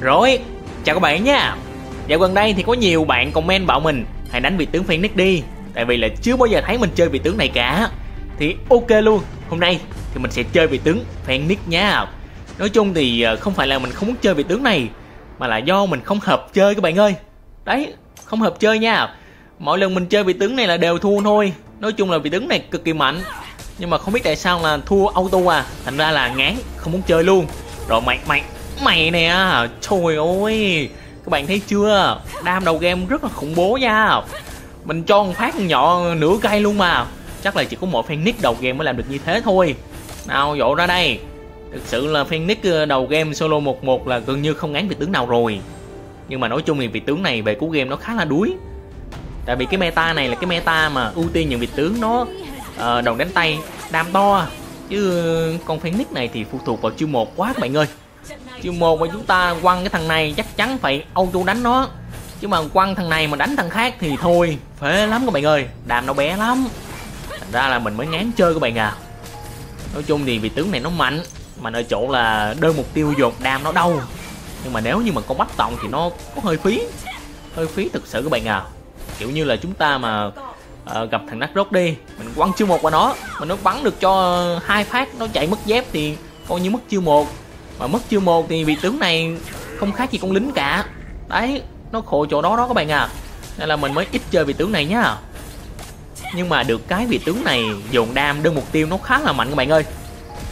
Rồi, chào các bạn nha Dạo gần đây thì có nhiều bạn comment bảo mình Hãy đánh vị tướng Phoenix đi Tại vì là chưa bao giờ thấy mình chơi vị tướng này cả Thì ok luôn Hôm nay thì mình sẽ chơi vị tướng Phoenix nha Nói chung thì ờ, không phải là mình không muốn chơi vị tướng này Mà là do mình không hợp chơi các bạn ơi Đấy, không hợp chơi nha Mỗi lần mình chơi vị tướng này là đều thua thôi Nói chung là vị tướng này cực kỳ mạnh Nhưng mà không biết tại sao là thua auto à Thành ra là ngán, không muốn chơi luôn Rồi mày mày mày nè trời ơi các bạn thấy chưa đam đầu game rất là khủng bố nha mình cho một phát nhọ nửa cây luôn mà chắc là chỉ có một nick đầu game mới làm được như thế thôi nào dỗ ra đây thực sự là nick ờ, đầu game solo 11 là gần như không ngán vị tướng nào rồi nhưng mà nói chung thì vị tướng này về cú game nó khá là đuối tại vì cái meta này là cái meta mà ưu tiên những vị tướng nó uh, ờ, đầu đánh tay đam to chứ con nick này thì phụ thuộc vào chiêu một quá các bạn ơi chiêu một mà chúng ta quăng cái thằng này chắc chắn phải auto đánh nó chứ mà quăng thằng này mà đánh thằng khác thì thôi phế lắm các bạn ơi đàm nó bé lắm thành ra là mình mới ngán chơi các bạn à nói chung thì vì tướng này nó mạnh mà ở chỗ là đơn mục tiêu dồn đam nó đâu nhưng mà nếu như mà con bắt tòng thì nó có hơi phí hơi phí thực sự các bạn à kiểu như là chúng ta mà uh, gặp thằng nát rốt đi mình quăng chiêu một qua nó mà nó bắn được cho hai phát nó chạy mất dép thì coi như mất chiêu một mà mất chưa một thì vị tướng này không khác gì con lính cả đấy nó khổ chỗ đó đó các bạn à nên là mình mới ít chơi vị tướng này nhá nhưng mà được cái vị tướng này dồn đam đơn mục tiêu nó khá là mạnh các bạn ơi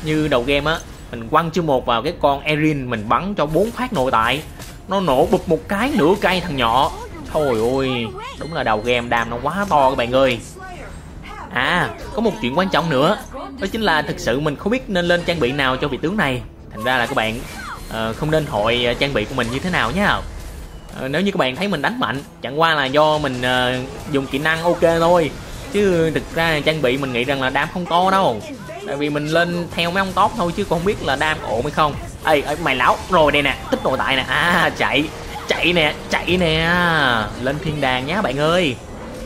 như đầu game á mình quăng chưa một vào cái con erin mình bắn cho bốn phát nội tại nó nổ bụp một cái nửa cây thằng nhỏ thôi ôi đúng là đầu game đam nó quá to các bạn ơi à có một chuyện quan trọng nữa đó chính là thực sự mình không biết nên lên trang bị nào cho vị tướng này thành ra là các bạn uh, không nên hội ờ, trang bị của mình như thế nào nhá uh, nếu như các bạn thấy mình đánh mạnh chẳng qua là do mình uh, dùng kỹ năng ok thôi chứ thực ra trang bị mình nghĩ rằng là đam không to đâu tại vì mình lên theo mấy ông top thôi chứ còn không biết là đam ổn hay không ê mày lão rồi đây nè tích nội tại nè à chạy chạy nè chạy nè lên thiên đàng nhá bạn ơi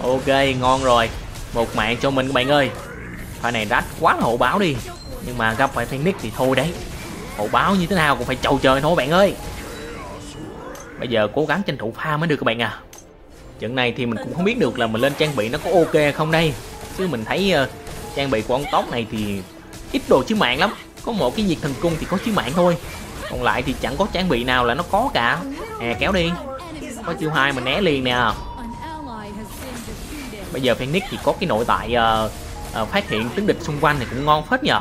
ok ngon rồi một mạng cho mình các bạn ơi pha này rách quá là hậu báo đi nhưng mà gặp phải phoenix thì thôi đấy hậu báo như thế nào cũng phải chầu trời thôi bạn ơi bây giờ cố gắng tranh thủ pha mới được các bạn à trận này thì mình cũng không biết được là mình lên trang bị nó có ok không đây chứ mình thấy uh, trang bị của ông tóc này thì ít đồ chứ mạng lắm có một cái nhiệt thần cung thì có chứ mạng thôi còn lại thì chẳng có trang bị nào là nó có cả à kéo đi có chiêu hai mình né liền nè bây giờ phoenix thì có cái nội tại uh, uh, phát hiện tính địch xung quanh này cũng ngon phết nhờ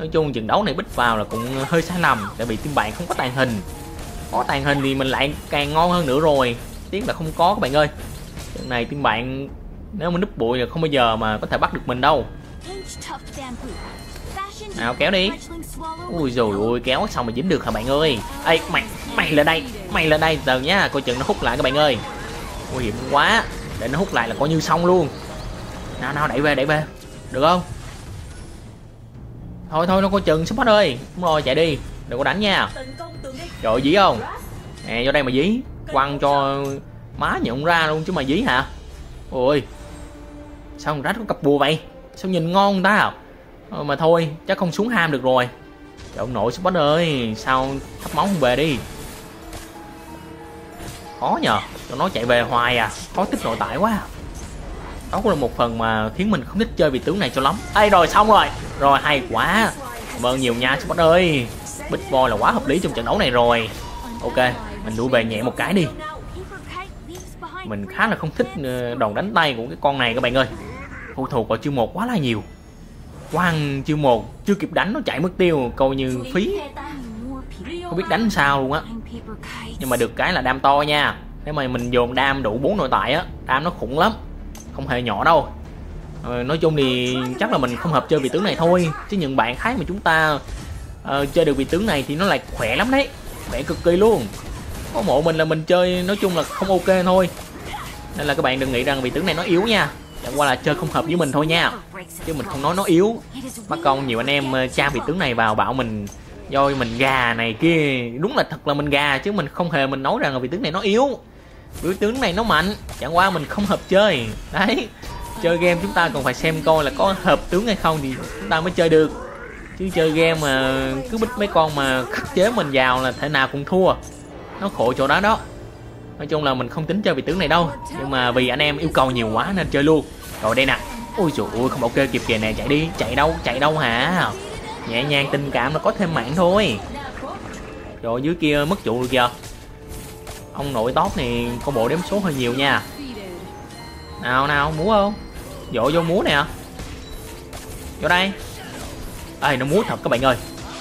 nói chung trận đấu này bích vào là cũng hơi sai lầm tại vì team bạn không có tàn hình có tàn hình thì mình lại càng ngon hơn nữa rồi tiếc là không có các bạn ơi trận này team bạn nếu mà núp bụi là không bao giờ mà có thể bắt được mình đâu nào kéo đi Ui rồi ui kéo xong mà dính được hả bạn ơi Ê mày mày là đây Mày là đây từ nhá coi chừng nó hút lại các bạn ơi Nguy hiểm quá Để nó hút lại là coi như xong luôn Nào nào đẩy về đẩy về Được không thôi thôi nó coi chừng support ơi đúng rồi chạy đi đừng có đánh nha trời dí không nè vô đây mà dí quăng cho má nhận ra luôn chứ mà dí hả ôi sao con rách có cặp bùa vậy sao nhìn ngon ta à? Ờ, mà thôi chắc không xuống ham được rồi trời ông nội support ơi sao thắp máu không về đi khó nhờ cho nó chạy về hoài à khó tích nội tại quá à. đó cũng là một phần mà khiến mình không thích chơi vị tướng này cho lắm ây rồi xong rồi rồi hay quá Vâng nhiều nha Spot ơi Big Boy là quá hợp lý trong trận đấu này rồi Ok Mình đuổi về nhẹ một cái đi Mình khá là không thích ờ, đòn đánh tay của cái con này các bạn ơi Phụ thuộc vào chiêu một quá là nhiều Quang chiêu một Chưa kịp đánh nó chạy mất tiêu Coi như phí Không biết đánh sao luôn á Nhưng mà được cái là đam to nha Nếu mà mình dồn đam đủ bốn nội tại á Đam nó khủng lắm Không hề nhỏ đâu Ờ, nói chung thì chắc là mình không hợp chơi vị tướng này thôi chứ những bạn khác mà chúng ta uh, chơi được vị tướng này thì nó lại khỏe lắm đấy khỏe cực kỳ luôn có mộ mình là mình chơi nói chung là không ok thôi nên là các bạn đừng nghĩ rằng vị tướng này nó yếu nha chẳng qua là chơi không hợp với mình thôi nha chứ mình không nói nó yếu mắc công nhiều anh em ờ, tra vị tướng này vào bảo mình do mình gà này kia đúng là thật là mình gà chứ mình không hề mình nói rằng là vị tướng này nó yếu vị tướng này nó mạnh chẳng qua mình không hợp chơi đấy chơi game chúng ta còn phải xem coi là có hợp tướng hay không thì chúng ta mới chơi được chứ chơi game mà cứ bích mấy con mà khắc chế mình vào là thể nào cũng thua nó khổ chỗ đó đó nói chung là mình không tính chơi vị tướng này đâu nhưng mà vì anh em yêu cầu nhiều quá nên chơi luôn rồi đây nè ôi dồi ôi không ok kịp kìa nè chạy đi chạy đâu chạy đâu hả nhẹ nhàng tình cảm nó có thêm mạng thôi rồi dưới kia mất trụ kìa ông nội tóc này có bộ đếm số hơi nhiều nha nào nào muốn không dội vô múa nè vô đây ê nó múa thật các bạn ơi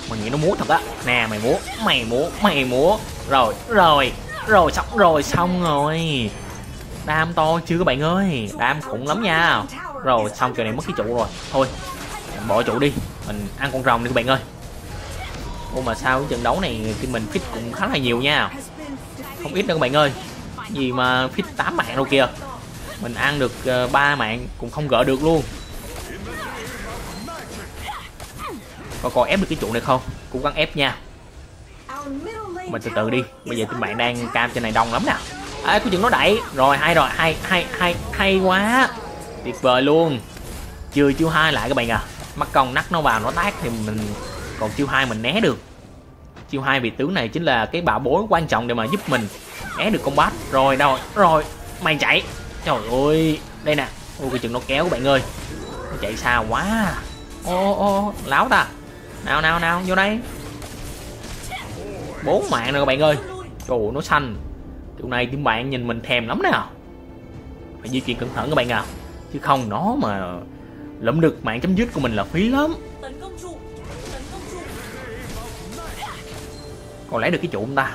mình nghĩ nó múa thật á nè mày múa mày múa mày múa rồi rồi rồi xong rồi xong rồi đam to chưa các bạn ơi đam khủng lắm nha rồi xong kiểu này mất cái trụ rồi thôi bỏ trụ đi mình ăn con rồng đi các bạn ơi ô mà sao trận đấu này thì mình fit cũng khá là nhiều nha không ít đâu các bạn ơi gì mà fit 8 mạng đâu kìa mình ăn được ờ, ba mạng cũng không gỡ được luôn có còn ép được cái trụ này không cũng gắng ép nha mình từ từ đi bây giờ các bạn đang cam trên này đông lắm nè ấy à, có chừng nó đẩy rồi hay rồi hay hay hay hay quá tuyệt vời luôn chưa chiêu hai lại các bạn à mắc công nắt nó vào nó tác thì mình còn chiêu hai mình né được chiêu hai vị tướng này chính là cái bảo bối quan trọng để mà giúp mình né được combat rồi đâu rồi mày chạy trời ơi đây nè ôi cái chừng nó kéo các bạn ơi chạy xa quá ô ô láo ta nào nào nào vô đây bốn mạng rồi các bạn ơi trời ơi, nó xanh chỗ này tiếng bạn nhìn mình thèm lắm nè phải di chuyển cẩn thận các bạn à chứ không nó mà lẫm được mạng chấm dứt của mình là phí lắm còn lấy được cái trụ không ta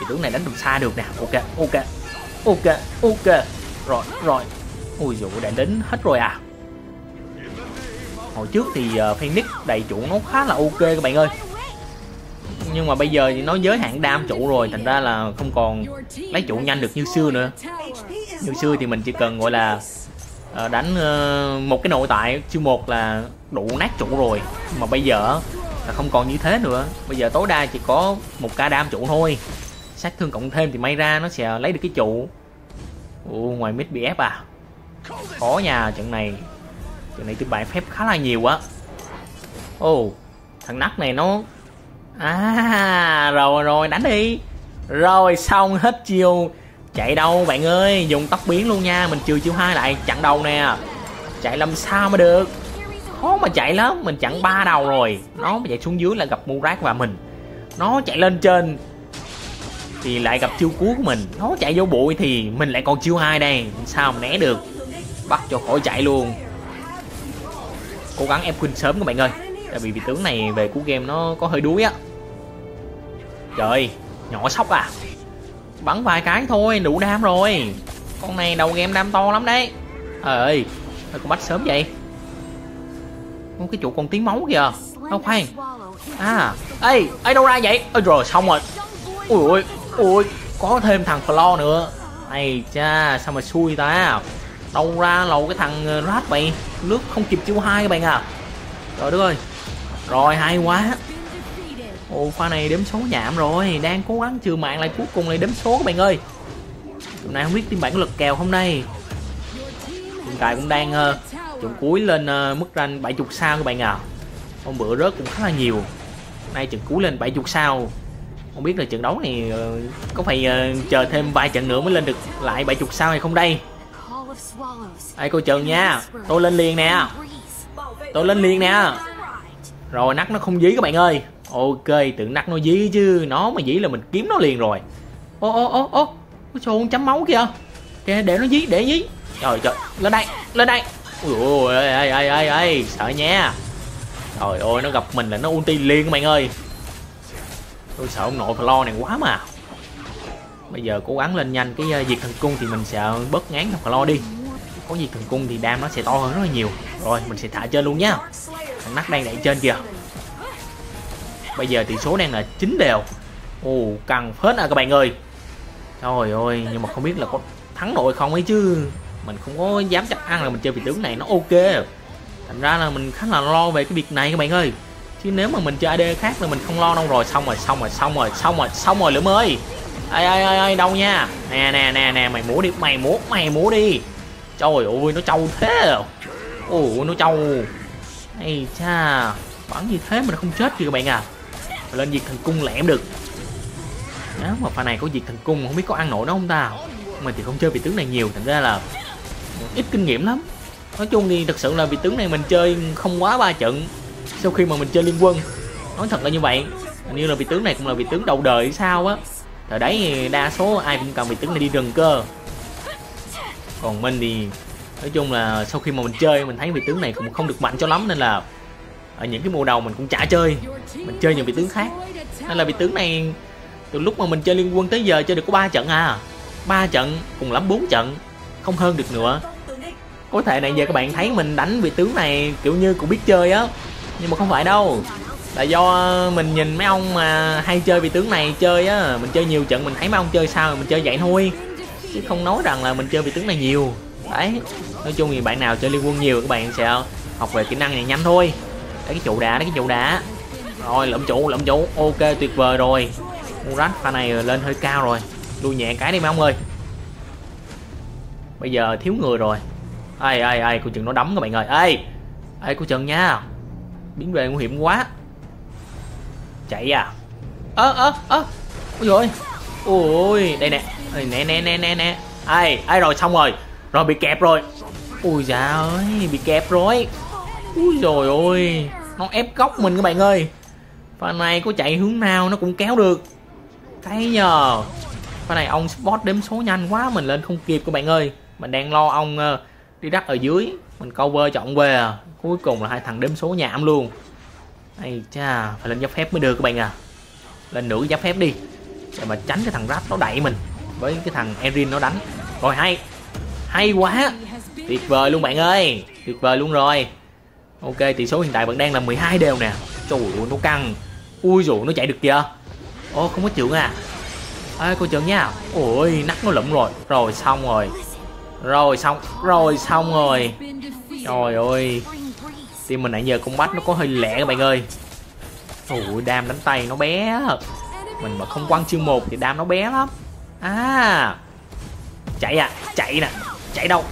thì tướng này đánh tầm xa được nè ok ok ok ok rồi rồi ui dụ đã đến hết rồi à hồi trước thì ờ, phoenix đầy chủ nó khá là ok các bạn ơi nhưng mà bây giờ thì nó giới hạn đam chủ rồi thành ra là không còn lấy chủ nhanh được như xưa nữa như xưa thì mình chỉ cần gọi là ờ, đánh ờ, một cái nội tại chiêu một là đủ nát trụ rồi mà bây giờ là không còn như thế nữa bây giờ tối đa chỉ có một ca đam trụ thôi sát thương cộng thêm thì may ra nó sẽ lấy được cái trụ Ồ, ngoài mid bị ép à Khó nha trận này Trận này tôi bại phép khá là nhiều á Ồ Thằng nắc này nó À rồi rồi đánh đi Rồi xong hết chiều Chạy đâu bạn ơi Dùng tóc biến luôn nha Mình trừ chiều hai lại chặn đầu nè Chạy làm sao mà được Khó mà chạy lắm Mình chặn ba đầu rồi Nó mà chạy xuống dưới là gặp Murat và mình Nó chạy lên trên thì lại gặp chiêu cuối của mình nó chạy vô bụi thì mình lại còn chiêu hai đây sao mà né được bắt cho khỏi chạy luôn cố gắng em khuyên sớm các bạn ơi tại vì vị tướng này về cú game nó có hơi đuối á trời nhỏ sóc à bắn vài cái thôi đủ đam rồi con này đầu game đam to lắm đấy trời ơi con bắt sớm vậy con cái chỗ con tiếng máu kìa đâu khoan à ê ấy đâu ra vậy ôi rồi xong rồi ui ui ôi có thêm thằng Flo nữa này cha sao mà xui ta đâu ra lầu cái thằng ờ, rat vậy nước không kịp chiêu hai các bạn à trời đất ơi rồi hay quá ồ pha này đếm số nhảm rồi đang cố gắng trừ mạng lại cuối cùng lại đếm số các bạn ơi hôm nay không biết team bản có lực kèo hôm nay hiện tại cũng đang uh, ờ, trận cuối lên uh, mức ranh 70 sao các bạn à hôm bữa rớt cũng khá là nhiều nay trận cuối lên 70 sao không biết là trận đấu này ờ, có phải ờ, chờ thêm vài trận nữa mới lên được lại 70 sao hay không đây ai cô chờ nha tôi lên liền nè tôi lên liền nè rồi nắc nó không dí các bạn ơi ok tưởng nắc nó dí chứ nó mà dí là mình kiếm nó liền rồi ô ô ô ô cái xô chấm máu kìa kìa để nó dí để dí trời trời lên đây lên đây ui ơi ơi ơi ơi sợ nha trời ơi nó gặp mình là nó ulti liền các bạn ơi tôi sợ ông nội lo này quá mà bây giờ cố gắng lên nhanh cái diệt ờ, thần cung thì mình sẽ bớt ngán thằng lo đi có diệt thần cung thì đam nó sẽ to hơn rất là nhiều rồi mình sẽ thả trên luôn nhá thằng nắc đang đẩy trên kìa bây giờ tỷ số đang là chín đều ồ cần phết à các bạn ơi trời ơi nhưng mà không biết là có thắng nội không ấy chứ mình không có dám chắc ăn là mình chơi vị tướng này nó ok thành ra là mình khá là lo về cái việc này các bạn ơi chứ nếu mà mình chơi AD khác là mình không lo đâu rồi xong rồi xong rồi xong rồi xong rồi xong rồi lượm ơi ai ai ai đâu nha nè nè nè nè mày múa đi mày múa mày múa đi trời ơi nó trâu thế ôi nó trâu ai cha bắn như thế mà nó không chết kìa các bạn à mà lên diệt thần cung lẻm được đó mà pha này có diệt thần cung không biết có ăn nổi nó không ta mình thì không chơi vị tướng này nhiều thành ra là ít kinh nghiệm lắm nói chung thì thật sự là vị tướng này mình chơi không quá ba trận sau khi mà mình chơi liên quân nói thật là như vậy hình như là vị tướng này cũng là vị tướng đầu đời sao á thời đấy đa số ai cũng cần vị tướng này đi rừng cơ còn mình thì nói chung là sau khi mà mình chơi mình thấy vị tướng này cũng không được mạnh cho lắm nên là ở những cái mùa đầu mình cũng chả chơi mình chơi những vị tướng khác nên là vị tướng này từ lúc mà mình chơi liên quân tới giờ chơi được có ba trận à ba trận cùng lắm bốn trận không hơn được nữa có thể này giờ các bạn thấy mình đánh vị tướng này kiểu như cũng biết chơi á nhưng mà không phải đâu là do ờ, mình nhìn mấy ông mà hay chơi vị tướng này chơi á mình chơi nhiều trận mình thấy mấy ông chơi sao mình chơi vậy thôi chứ không nói rằng là mình chơi vị tướng này nhiều đấy nói chung thì bạn nào chơi liên quân nhiều các bạn sẽ học về kỹ năng này nhanh thôi đấy cái trụ đá đấy cái trụ đá rồi lượm trụ lượm trụ ok tuyệt vời rồi murat pha này lên hơi cao rồi đuôi nhẹ cái đi mấy ông ơi bây giờ thiếu người rồi ai ai ai cô chừng nó đấm các bạn ơi ê ê cô chừng nha biến về nguy hiểm quá chạy à ơ ơ ơ ôi rồi ôi đây nè Ê, nè nè nè nè nè ai ai rồi xong rồi rồi bị kẹp rồi ui dạ ơi bị kẹp rồi ui rồi ôi nó ép góc mình các bạn ơi pha này có chạy hướng nào nó cũng kéo được thấy nhờ pha này ông spot đếm số nhanh quá mình lên không kịp các bạn ơi mình đang lo ông uh, đi đắt ở dưới mình câu cover chọn quê à cuối cùng là hai thằng đếm số nhảm luôn ai cha phải lên giáp phép mới được các bạn à lên nửa giáp phép đi để mà tránh cái thằng rap nó đẩy mình với cái thằng erin nó đánh rồi hay hay quá tuyệt vời luôn bạn ơi tuyệt vời luôn rồi ok tỷ số hiện tại vẫn đang là 12 đều nè trời ơi nó căng ui dụ nó chạy được kìa ô không có trưởng à ê cô trưởng nha ôi nắt nó lụm rồi rồi xong rồi rồi xong rồi xong rồi trời ơi team mình nãy giờ công bách nó có hơi lẹ các bạn ơi ôi đam đánh tay nó bé mình mà không quăng chương một thì đam nó bé lắm à chạy à chạy nè chạy đâu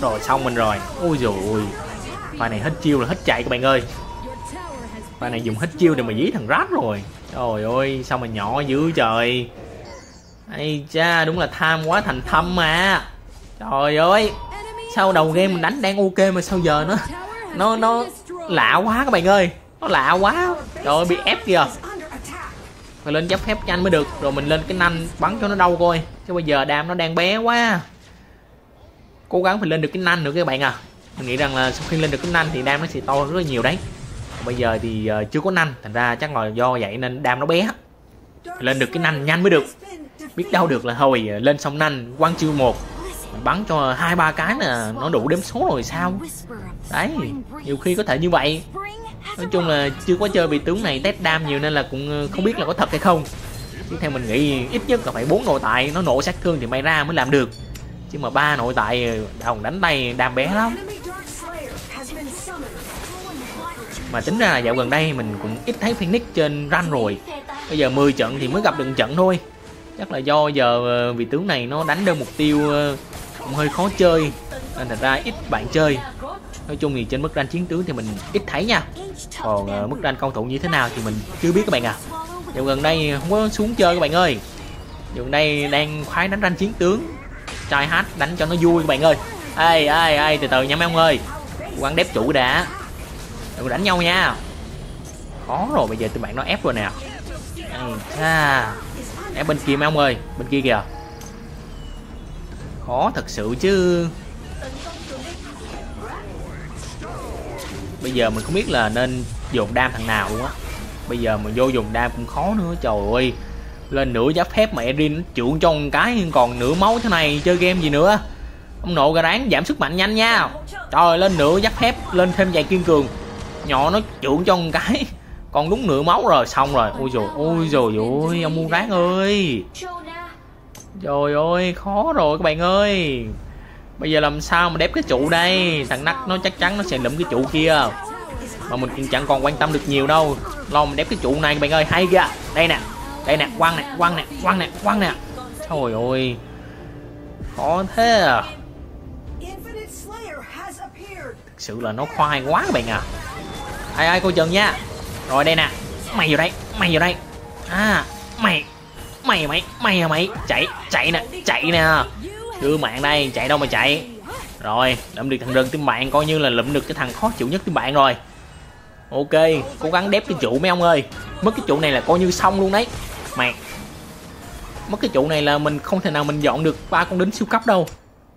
rồi xong mình rồi ôi rồi ôi bài này hết chiêu là hết chạy các bạn ơi bài này dùng hết chiêu để mà dí thằng rát rồi trời ơi sao mà nhỏ dữ trời Ây cha đúng là tham quá thành thâm mà Trời ơi Sao đầu game mình đánh đang ok mà sao giờ nó Nó nó lạ quá các bạn ơi Nó lạ quá Trời ơi bị ép kìa Phải lên giáp phép nhanh mới được Rồi mình lên cái nanh bắn cho nó đau coi Chứ bây giờ đam nó đang bé quá Cố gắng phải lên được cái nanh nữa các bạn à Mình nghĩ rằng là sau khi lên được cái nanh thì đam nó sẽ to rất là nhiều đấy bây giờ thì ờ, chưa có nanh Thành ra chắc là do vậy nên đam nó bé phải lên được cái nanh nhanh mới được biết đâu được là hồi ờ, lên sông nanh quăng chiêu một bắn cho hai ba cái là nó đủ đếm số rồi sao đấy nhiều khi có thể như vậy nói chung là chưa có chơi bị tướng này test đam nhiều nên là cũng ờ, không biết là có thật hay không chứ theo mình nghĩ ít nhất là phải bốn nội tại nó nổ sát thương thì may ra mới làm được chứ mà ba nội tại ờ, đồng đánh tay đam bé lắm mà tính ra là dạo gần đây mình cũng ít thấy phoenix trên ranh rồi bây giờ 10 trận thì mới gặp được trận thôi chắc là do giờ ờ, vị tướng này nó đánh đơn mục tiêu ờ, cũng hơi khó chơi nên thật ra ít bạn chơi nói chung thì trên mức rank chiến tướng thì mình ít thấy nha còn ờ, mức rank công thủ như thế nào thì mình chưa biết các bạn à nhưng gần đây không có xuống chơi các bạn ơi gần đây đang khoái đánh rank chiến tướng trai hát đánh cho nó vui các bạn ơi ê ê ê từ từ nha mấy ông ơi quăng đép chủ đã đừng đánh nhau nha khó rồi bây giờ tụi bạn nó ép rồi nè à, em bên kia mấy ông ơi Bên kia kìa Khó thật sự chứ Bây giờ mình không biết là nên dùng đam thằng nào luôn á Bây giờ mình vô dùng đam cũng khó nữa Trời ơi Lên nửa giáp phép mà Erin chuộng cho cái Còn nửa máu thế này chơi game gì nữa Ông nội gà ráng giảm sức mạnh nhanh nha Trời lên nửa giáp phép Lên thêm vài kiên cường Nhỏ nó chuộng cho cái con đúng nửa máu rồi xong rồi ui rồi ui rồi ôi ông mua rác ơi trời ơi khó rồi các bạn ơi bây giờ làm sao mà đép cái trụ đây thằng nắc nó chắc chắn nó sẽ lụm cái trụ kia mà mình cũng chẳng còn quan tâm được nhiều đâu lo mình đép cái trụ này các bạn ơi hay kìa đây nè đây nè quăng nè quăng nè quăng nè quăng nè trời ơi khó thế à thực sự là nó khoai quá các bạn à ai ai coi chừng nha rồi đây nè Mày vào đây Mày vào đây À Mày Mày mày Mày hả mày Chạy Chạy nè Chạy nè Đưa mạng đây Chạy đâu mà chạy Rồi lượm được thằng rừng tim bạn Coi như là lượm được cái thằng khó chịu nhất tim bạn rồi Ok Cố gắng đép cái trụ mấy ông ơi Mất cái trụ này là coi như xong luôn đấy Mày Mất cái trụ này là mình không thể nào mình dọn được ba con đính siêu cấp đâu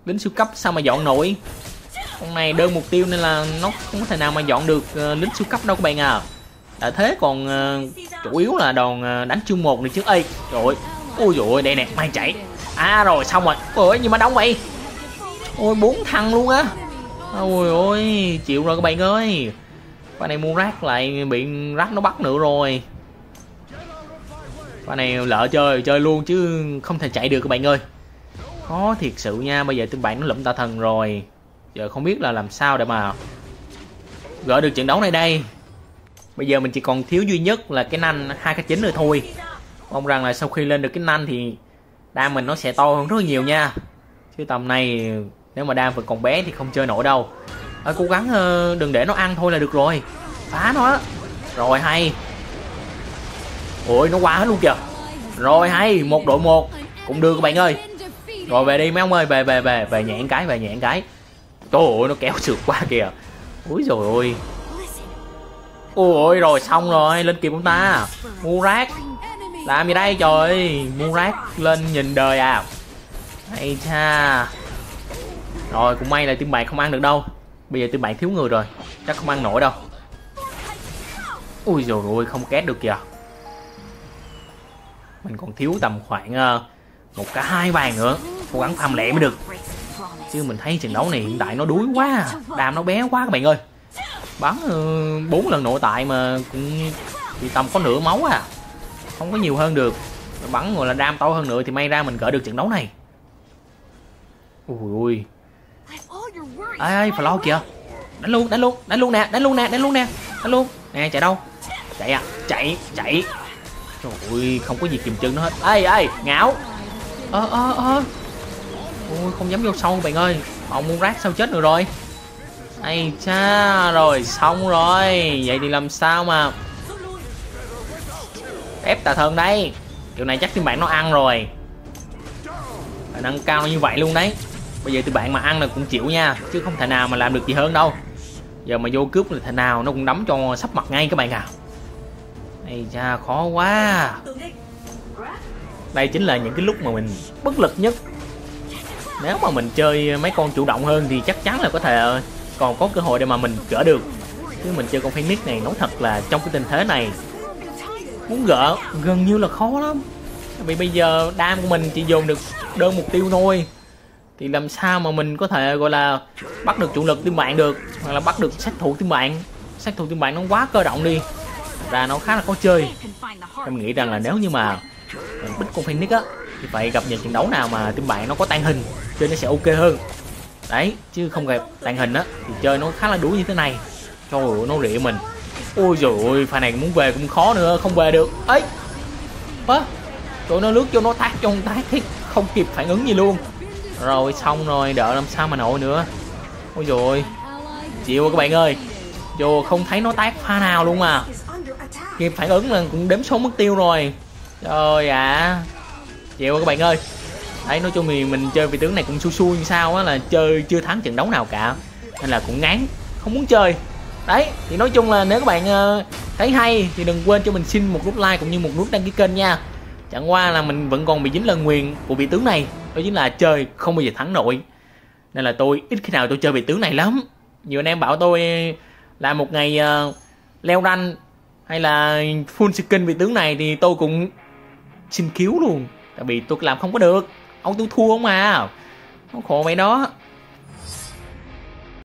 Đính siêu cấp sao mà dọn nổi con này đơn mục tiêu nên là nó không có thể nào mà dọn được ờ, lính siêu cấp đâu các bạn à tại ờ, thế còn uh, chủ yếu là đòn uh, đánh chương một này trước ấy rồi ơi ôi dồi đây nè mang chạy à rồi xong rồi ôi nhưng mà đóng vậy ôi bốn thằng luôn á ôi ôi chịu rồi các bạn ơi bà này mua rác lại bị rác nó bắt nữa rồi bà này lỡ chơi chơi luôn chứ không thể chạy được các bạn ơi khó thiệt sự nha bây giờ tụi bạn nó lụm tà thần rồi giờ không biết là làm sao để mà gỡ được trận đấu này đây bây giờ mình chỉ còn thiếu duy nhất là cái nanh hai cái chính nữa thôi mong rằng là sau khi lên được cái nanh thì đam mình nó sẽ to hơn rất nhiều nha chứ tầm này nếu mà đam vẫn còn bé thì không chơi nổi đâu à, cố gắng ờ, đừng để nó ăn thôi là được rồi phá nó rồi hay ôi nó qua hết luôn kìa rồi hay một đội một cũng được các bạn ơi rồi về đi mấy ông ơi về về về về nhẹn cái về nhẹn cái trời ơi nó kéo sượt qua kìa úi rồi ôi ôi rồi xong rồi lên kịp chúng ta rác làm gì đây trời ơi rác lên nhìn đời à hay cha rồi cũng may là tim bạn không ăn được đâu bây giờ tim bạn thiếu người rồi chắc không ăn nổi đâu ui rồi ôi không két được kìa mình còn thiếu tầm khoảng ờ, một cả hai vàng nữa cố gắng phàm lẹ mới được chứ mình thấy trận đấu này hiện tại nó đuối quá à. nó bé quá các bạn ơi bắn ờ, bốn lần nội tại mà cũng thì tầm có nửa máu à không có nhiều hơn được bắn gọi là đam to hơn nữa thì may ra mình gỡ được trận đấu này ui ui ai ai phải lo kìa đánh luôn đánh luôn đánh luôn nè đánh luôn nè đánh luôn nè đánh luôn nè chạy đâu chạy à chạy chạy trời ơi không có gì kìm chân nó hết ê ê ngáo ơ ơ ơ ôi không dám vô sâu bạn ơi ông muốn rác sao chết được rồi ai cha rồi xong rồi vậy thì làm sao mà ép tà thân đây kiểu này chắc thì bạn nó ăn rồi nâng cao như vậy luôn đấy bây giờ thì bạn mà ăn là cũng chịu nha chứ không thể nào mà làm được gì hơn đâu giờ mà vô cướp là thể nào nó cũng đấm cho sắp mặt ngay các bạn à ai cha khó quá đây chính là những cái lúc mà mình bất lực nhất nếu mà mình chơi mấy con chủ động hơn thì chắc chắn là có thể ờ, còn có cơ hội để mà mình gỡ được chứ mình chơi con Phoenix này nói thật là trong cái tình thế này muốn gỡ gần như là khó lắm vì bây giờ đam của mình chỉ dồn được đơn mục tiêu thôi thì làm sao mà mình có thể gọi là bắt được chủ lực team bạn được hoặc là bắt được sát thủ team bạn sát thủ team bạn nó quá cơ động đi và nó khá là khó chơi em nghĩ rằng là nếu như mà mình bích con Phoenix á thì phải gặp những trận đấu nào mà team bạn nó có tan hình chơi nó sẽ ok hơn đấy chứ không gặp tàng hình á thì chơi nó khá là đuối như thế này trời ơi nó rỉa mình ôi rồi ôi pha này muốn về cũng khó nữa không về được ấy á tụi nó lướt cho nó tát trong tát thì không kịp phản ứng gì luôn rồi xong rồi đợi làm sao mà nổi nữa ôi rồi chịu rồi các bạn ơi dù không thấy nó tát pha nào luôn mà kịp phản ứng là cũng đếm số mất tiêu rồi trời ạ à. chịu rồi các bạn ơi thấy nói chung thì mình chơi vị tướng này cũng xui xui như sao á là chơi chưa thắng trận đấu nào cả nên là cũng ngán không muốn chơi đấy thì nói chung là nếu các bạn ờ, thấy hay thì đừng quên cho mình xin một nút like cũng như một nút đăng ký kênh nha chẳng qua là mình vẫn còn bị dính lần nguyền của vị tướng này đó chính là chơi không bao giờ thắng nổi nên là tôi ít khi nào tôi chơi vị tướng này lắm nhiều anh em bảo tôi là một ngày ờ, leo rank hay là full skin vị tướng này thì tôi cũng xin cứu luôn tại vì tôi làm không có được ông tôi thua không à nó khổ mày đó